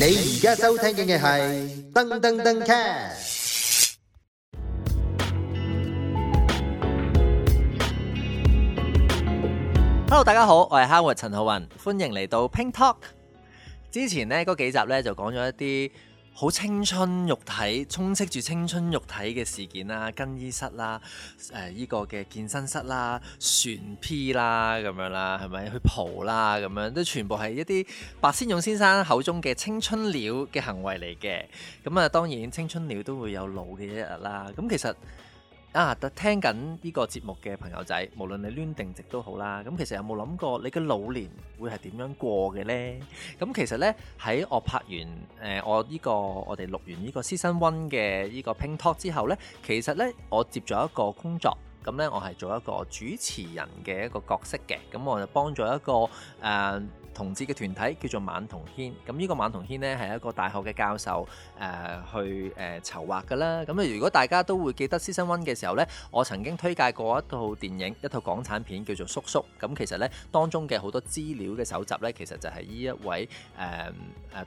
你而家收聽嘅係噔噔噔 cast。Hello，大家好，我係 Howard 陳浩雲，歡迎嚟到 Pink Talk。之前咧嗰幾集咧就講咗一啲。好青春肉體充斥住青春肉體嘅事件啦，更衣室啦，誒、呃、依、這個嘅健身室啦，船 P 啦咁樣啦，係咪去蒲啦咁樣，都全部係一啲白先勇先生口中嘅青春鳥嘅行為嚟嘅。咁、嗯、啊，當然青春鳥都會有老嘅一日啦。咁、嗯、其實，啊！特聽緊呢個節目嘅朋友仔，無論你攣定直都好啦。咁其實有冇諗過，你嘅老年會係點樣過嘅呢？咁其實呢，喺我拍完誒、呃、我呢、這個我哋錄完呢個《Season One》嘅呢個 Ping Talk 之後呢，其實呢，我接咗一個工作，咁呢，我係做一個主持人嘅一個角色嘅，咁我就幫咗一個誒。呃同志嘅團體叫做晚同軒，咁呢個晚同軒呢，係一個大學嘅教授誒、呃、去誒籌、呃、劃噶啦。咁如果大家都會記得 Season One 嘅時候呢，我曾經推介過一套電影，一套港產片叫做《叔叔》。咁其實呢，當中嘅好多資料嘅搜集呢，其實就係呢一位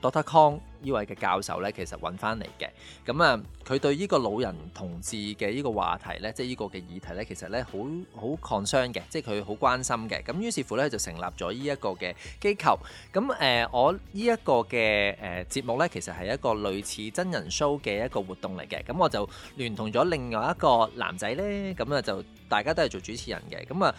Doctor 誒 Doctor Kong。呃呢位嘅教授呢，其實揾翻嚟嘅，咁、嗯、啊，佢對呢個老人同志嘅呢個話題呢，即係呢個嘅議題呢，其實呢，好好 concern 嘅，即係佢好關心嘅。咁、嗯、於是乎呢，就成立咗呢一個嘅機構。咁、嗯、誒，我呢一個嘅誒節目呢，其實係一個類似真人 show 嘅一個活動嚟嘅。咁、嗯、我就聯同咗另外一個男仔呢，咁、嗯、啊，就大家都係做主持人嘅。咁、嗯、啊，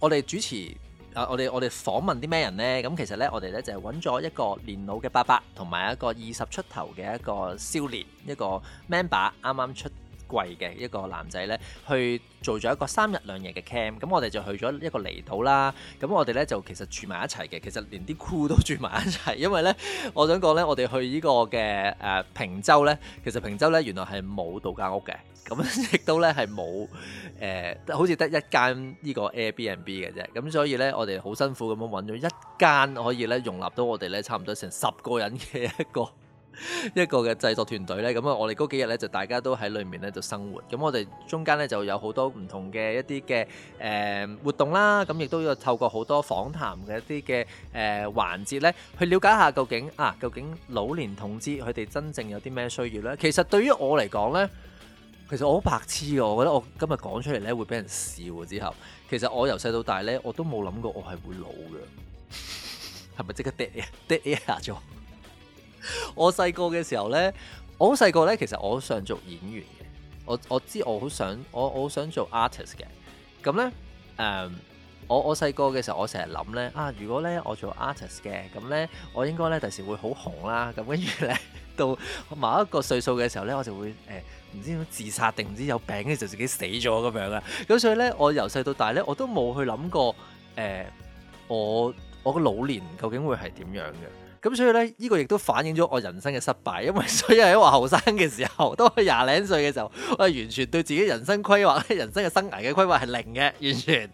我哋主持。啊！我哋我哋訪問啲咩人咧？咁、嗯、其實咧，我哋咧就係揾咗一個年老嘅伯伯，同埋一個二十出頭嘅一個少年，一個 member 啱啱出。貴嘅一個男仔呢去做咗一個三日兩夜嘅 camp，咁我哋就去咗一個離島啦。咁我哋呢就其實住埋一齊嘅，其實連啲酷都住埋一齊。因為呢，我想講呢，我哋去呢個嘅誒、呃、平洲呢，其實平洲呢原來係冇度假屋嘅，咁亦都呢係冇誒，好似得一間呢個 Airbnb 嘅啫。咁所以呢，我哋好辛苦咁樣揾咗一間可以呢容納到我哋呢差唔多成十個人嘅一個。一個嘅製作團隊呢，咁啊，我哋嗰幾日呢，就大家都喺裏面呢就生活，咁我哋中間呢，就有好多唔同嘅一啲嘅誒活動啦，咁亦都要透過好多訪談嘅一啲嘅誒環節呢去了解下究竟啊，究竟老年同志佢哋真正有啲咩需要呢？其實對於我嚟講呢，其實我好白痴嘅，我覺得我今日講出嚟呢，會俾人笑之後，其實我由細到大呢，我都冇諗過我係會老嘅，係咪即刻 dead air dead air 咗？ 我細個嘅時候咧，我好細個咧，其實我好想做演員嘅，我我知我好想我我好想做 artist 嘅，咁咧，誒，我我細個嘅時候，我成日諗咧，啊，如果咧我做 artist 嘅，咁咧，我應該咧第時會好紅啦，咁跟住咧到某一個歲數嘅時候咧，我就會誒，唔知自殺定唔知有病，跟住就自己死咗咁樣啦，咁所以咧，我由細到大咧，我都冇去諗過，誒、呃，我我嘅老年究竟會係點樣嘅？咁所以咧，呢、這個亦都反映咗我人生嘅失敗，因為所以喺我後生嘅時候，當我廿零歲嘅時候，我係完全對自己人生規劃、人生嘅生涯嘅規劃係零嘅，完全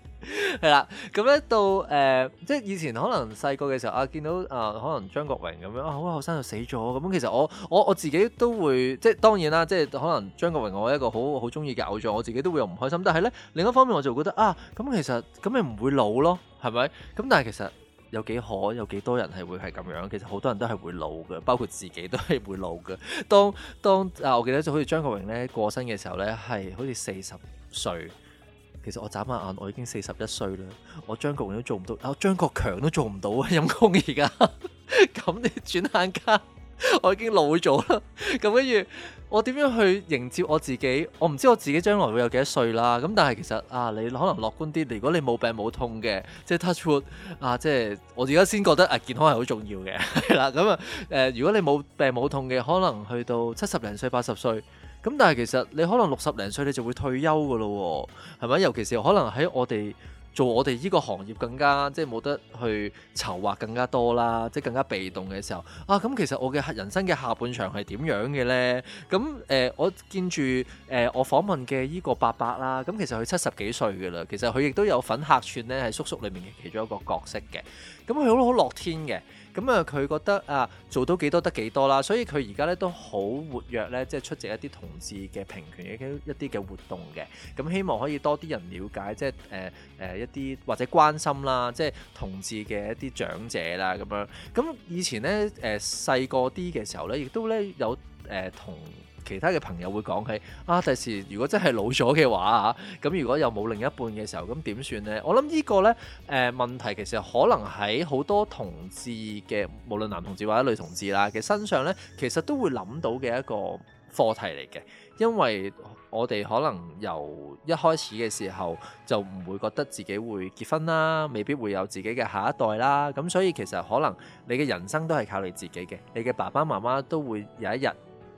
係啦。咁咧到誒、呃，即係以前可能細個嘅時候啊，見到誒、啊、可能張國榮咁樣啊，好後生就死咗咁、啊。其實我我我自己都會即係當然啦，即係可能張國榮我係一個好好中意嘅偶像，我自己都會有唔開心。但係咧另一方面，我就覺得啊，咁其實咁咪唔會老咯，係咪？咁但係其實。啊其實有幾可有幾多人係會係咁樣？其實好多人都係會老嘅，包括自己都係會老嘅。當當啊，我記得就好似張國榮咧過身嘅時候咧，係好似四十歲。其實我眨下眼，我已經四十一歲啦。我張國榮都做唔到，我張國強都做唔到啊！陰公而家，咁你轉眼間。 我已經老咗啦，咁跟住我點樣去迎接我自己？我唔知我自己將來會有幾多歲啦。咁但係其實啊，你可能樂觀啲，如果你冇病冇痛嘅，即係 touch wood 啊，即係我而家先覺得啊，健康係好重要嘅，係啦。咁啊，誒，如果你冇病冇痛嘅，可能去到七十零歲、八十歲，咁但係其實你可能六十零歲你就會退休噶啦，係咪？尤其是可能喺我哋。做我哋呢個行業更加即係冇得去籌劃更加多啦，即係更加被動嘅時候啊！咁其實我嘅人生嘅下半場係點樣嘅呢？咁誒、呃，我見住誒、呃、我訪問嘅依個伯伯啦，咁其實佢七十幾歲嘅啦，其實佢亦都有份客串呢喺叔叔裡面嘅其中一個角色嘅，咁佢都好樂天嘅。咁啊，佢、嗯、覺得啊，做到幾多得幾多啦，所以佢而家咧都好活躍咧，即係出席一啲同志嘅平權一啲一啲嘅活動嘅。咁希望可以多啲人了解，即係誒誒一啲或者關心啦，即係同志嘅一啲長者啦咁樣。咁以前咧誒細個啲嘅時候咧，亦都咧有誒同，呃其他嘅朋友會講起啊，第時如果真係老咗嘅話啊，咁如果又冇另一半嘅時候，咁點算呢？我諗呢個呢誒、呃、問題其實可能喺好多同志嘅，無論男同志或者女同志啦嘅身上呢，其實都會諗到嘅一個課題嚟嘅，因為我哋可能由一開始嘅時候就唔會覺得自己會結婚啦，未必會有自己嘅下一代啦，咁所以其實可能你嘅人生都係靠你自己嘅，你嘅爸爸媽媽都會有一日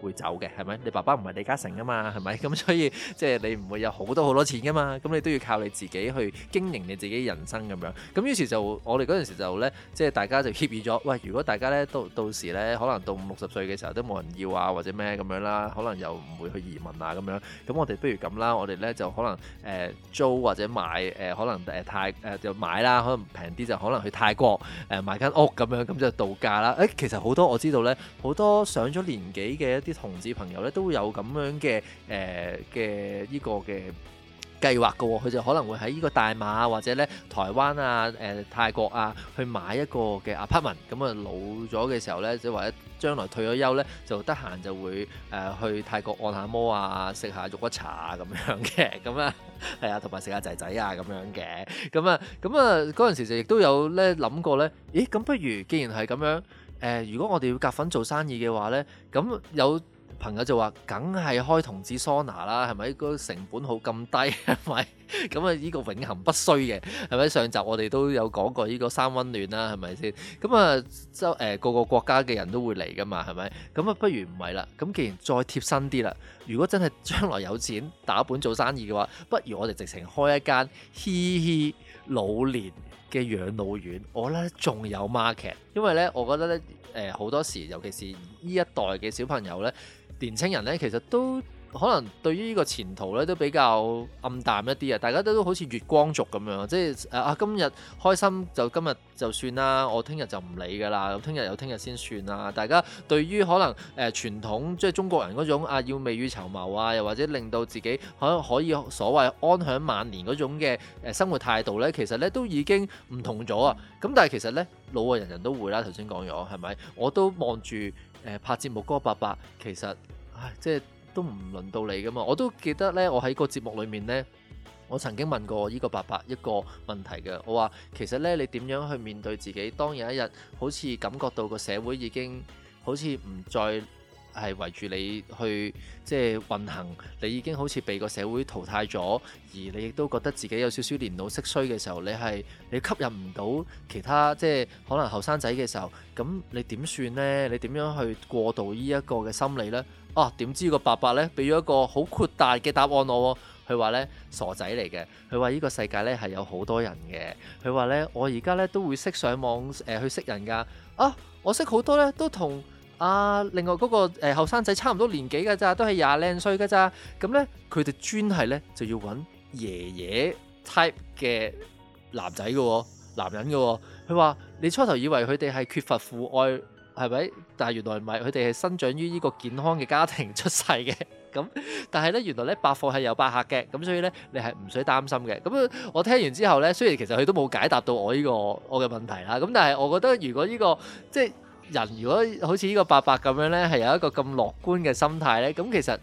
會走嘅係咪？你爸爸唔係李嘉誠啊嘛，係咪？咁所以即係你唔會有好多好多錢噶嘛，咁你都要靠你自己去經營你自己人生咁樣。咁於是就我哋嗰陣時就呢，即係大家就協議咗，喂，如果大家呢到到時呢，可能到五六十歲嘅時候都冇人要啊，或者咩咁樣啦，可能又唔會去移民啊咁樣。咁我哋不如咁啦，我哋呢就可能誒、呃、租或者買誒、呃，可能誒、呃、泰誒、呃、就買啦，可能平啲就可能去泰國誒、呃、買間屋咁樣，咁就度假啦。誒、欸，其實好多我知道呢，好多上咗年紀嘅。啲同志朋友咧都有咁樣嘅誒嘅呢個嘅計劃㗎喎，佢、這個哦、就可能會喺呢個大馬或者咧台灣啊、誒、呃、泰國啊去買一個嘅 apartment，咁啊老咗嘅時候咧，即或者將來退咗休咧，就得閒就會誒、呃、去泰國按下摩啊，食下肉骨茶咁樣嘅，咁啊係啊，同埋食下仔仔啊咁樣嘅，咁啊咁啊嗰陣時就亦都有咧諗過咧，咦咁不如既然係咁樣。誒，如果我哋要夾份做生意嘅話咧，咁有朋友就話，梗係開同志桑拿啦，係咪？個成本好咁低，係咪？咁啊，呢個永恆不衰嘅，係咪？上集我哋都有講過呢個三溫暖啦，係咪先？咁啊，周誒個個國家嘅人都會嚟㗎嘛，係咪？咁啊，不如唔係啦。咁既然再貼身啲啦，如果真係將來有錢打本做生意嘅話，不如我哋直情開一間嘻嘻老年嘅養老院。我呢仲有 market，因為呢，我覺得呢，誒、呃、好多時，尤其是呢一代嘅小朋友呢，年輕人呢，其實都。可能對於呢個前途咧都比較暗淡一啲啊！大家都都好似月光族咁樣，即係啊！今日開心就今日就算啦，我聽日就唔理噶啦，聽日有聽日先算啦。大家對於可能誒傳統即係中國人嗰種啊要未雨綢繆啊，又或者令到自己可可以所謂安享晚年嗰種嘅誒生活態度咧，其實咧都已經唔同咗啊！咁但係其實咧老啊，人人都會啦。頭先講咗係咪？我都望住誒拍節目嗰個伯伯，其實誒即係。都唔輪到你㗎嘛，我都記得呢，我喺個節目裏面呢，我曾經問過呢個伯伯一個問題嘅，我話其實呢，你點樣去面對自己？當有一日好似感覺到個社會已經好似唔再係圍住你去即係運行，你已經好似被個社會淘汰咗，而你亦都覺得自己有少少年老色衰嘅時候，你係你吸引唔到其他即係可能後生仔嘅時候，咁你點算呢？你點樣去過渡呢一個嘅心理呢？啊，點知個伯伯呢，俾咗一個好闊大嘅答案我，佢話呢，傻仔嚟嘅，佢話呢個世界呢係有好多人嘅，佢話呢，我而家呢都會識上網誒、呃、去識人㗎，啊，我識好多呢，都同。啊！另外嗰、那個誒後生仔差唔多年紀嘅咋，都係廿零歲嘅咋。咁、嗯、咧，佢哋專係咧就要揾爺爺 type 嘅男仔嘅、哦，男人嘅、哦。佢話：你初頭以為佢哋係缺乏父愛，係咪？但係原來唔係，佢哋係生長於呢個健康嘅家庭出世嘅。咁、嗯、但係咧，原來咧，百貨係有百客嘅。咁、嗯、所以咧，你係唔使擔心嘅。咁、嗯、我聽完之後咧，雖然其實佢都冇解答到我呢、這個我嘅問題啦。咁、嗯、但係我覺得如果呢、這個即係，就是人如果好似呢個伯伯咁樣呢，係有一個咁樂觀嘅心態呢。咁其實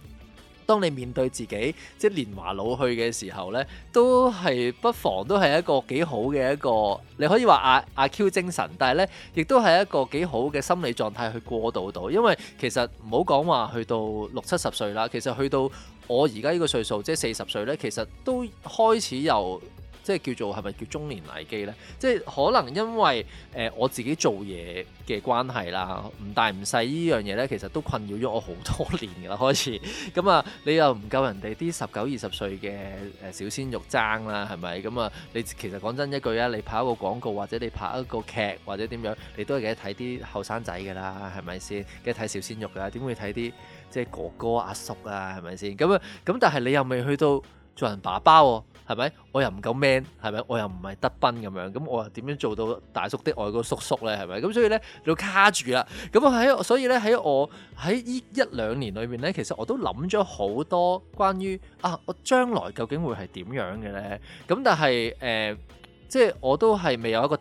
當你面對自己即係年華老去嘅時候呢，都係不妨都係一個幾好嘅一個，你可以話阿阿 Q 精神，但係呢，亦都係一個幾好嘅心理狀態去過渡到，因為其實唔好講話去到六七十歲啦，其實去到我而家呢個歲數，即係四十歲呢，其實都開始由。即係叫做係咪叫中年危機呢？即係可能因為誒、呃、我自己做嘢嘅關係啦，唔大唔細呢樣嘢呢，其實都困擾咗我好多年噶啦。開始咁啊，你又唔夠人哋啲十九二十歲嘅小鮮肉爭啦，係咪咁啊？你其實講真一句啊，你拍一個廣告或者你拍一個劇或者點樣，你都係記得睇啲後生仔噶啦，係咪先？記得睇小鮮肉噶？點會睇啲即係哥哥阿叔啊？係咪先？咁啊咁，但係你又未去到做人爸爸喎、啊？係咪？我又唔夠 man，係咪？我又唔係德賓咁樣，咁我又點樣做到大叔的愛個叔叔咧？係咪？咁所以咧，就卡住啦。咁啊喺，所以咧喺我喺呢一兩年裏面咧，其實我都諗咗好多關於啊，我將來究竟會係點樣嘅咧？咁但係誒、呃，即係我都係未有一個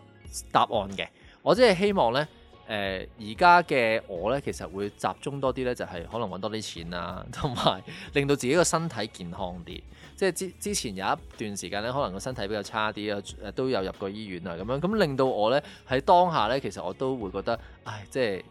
答案嘅。我只係希望咧。誒而家嘅我呢，其實會集中多啲呢，就係可能揾多啲錢啦、啊，同埋令到自己個身體健康啲。即係之之前有一段時間呢，可能個身體比較差啲啦，都有入過醫院啊咁樣。咁令到我呢，喺當下呢，其實我都會覺得，唉，即係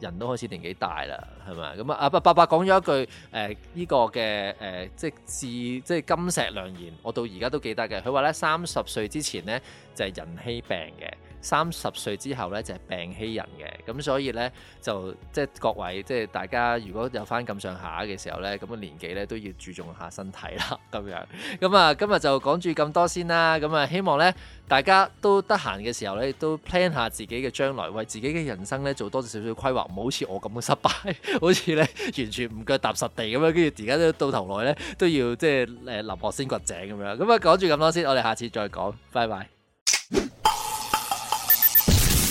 人都開始年紀大啦，係咪咁啊啊，伯伯伯講咗一句誒，依、呃這個嘅誒、呃，即係至即係金石良言，我到而家都記得嘅。佢話呢，三十歲之前呢，就係、是、人欺病嘅。三十歲之後呢，就係病欺人嘅，咁所以呢，就即係各位即係大家如果有翻咁上下嘅時候呢，咁嘅年紀呢，都要注重下身體啦，咁樣，咁啊今日就講住咁多先啦，咁啊希望呢，大家都得閒嘅時候呢，都 plan 下自己嘅將來，為自己嘅人生呢，做多少少規劃，唔好似我咁嘅失敗， 好似呢，完全唔腳踏實地咁樣，跟住而家都到頭來呢，都要即係誒臨渴先掘井咁樣，咁啊講住咁多先，我哋下次再講，拜拜。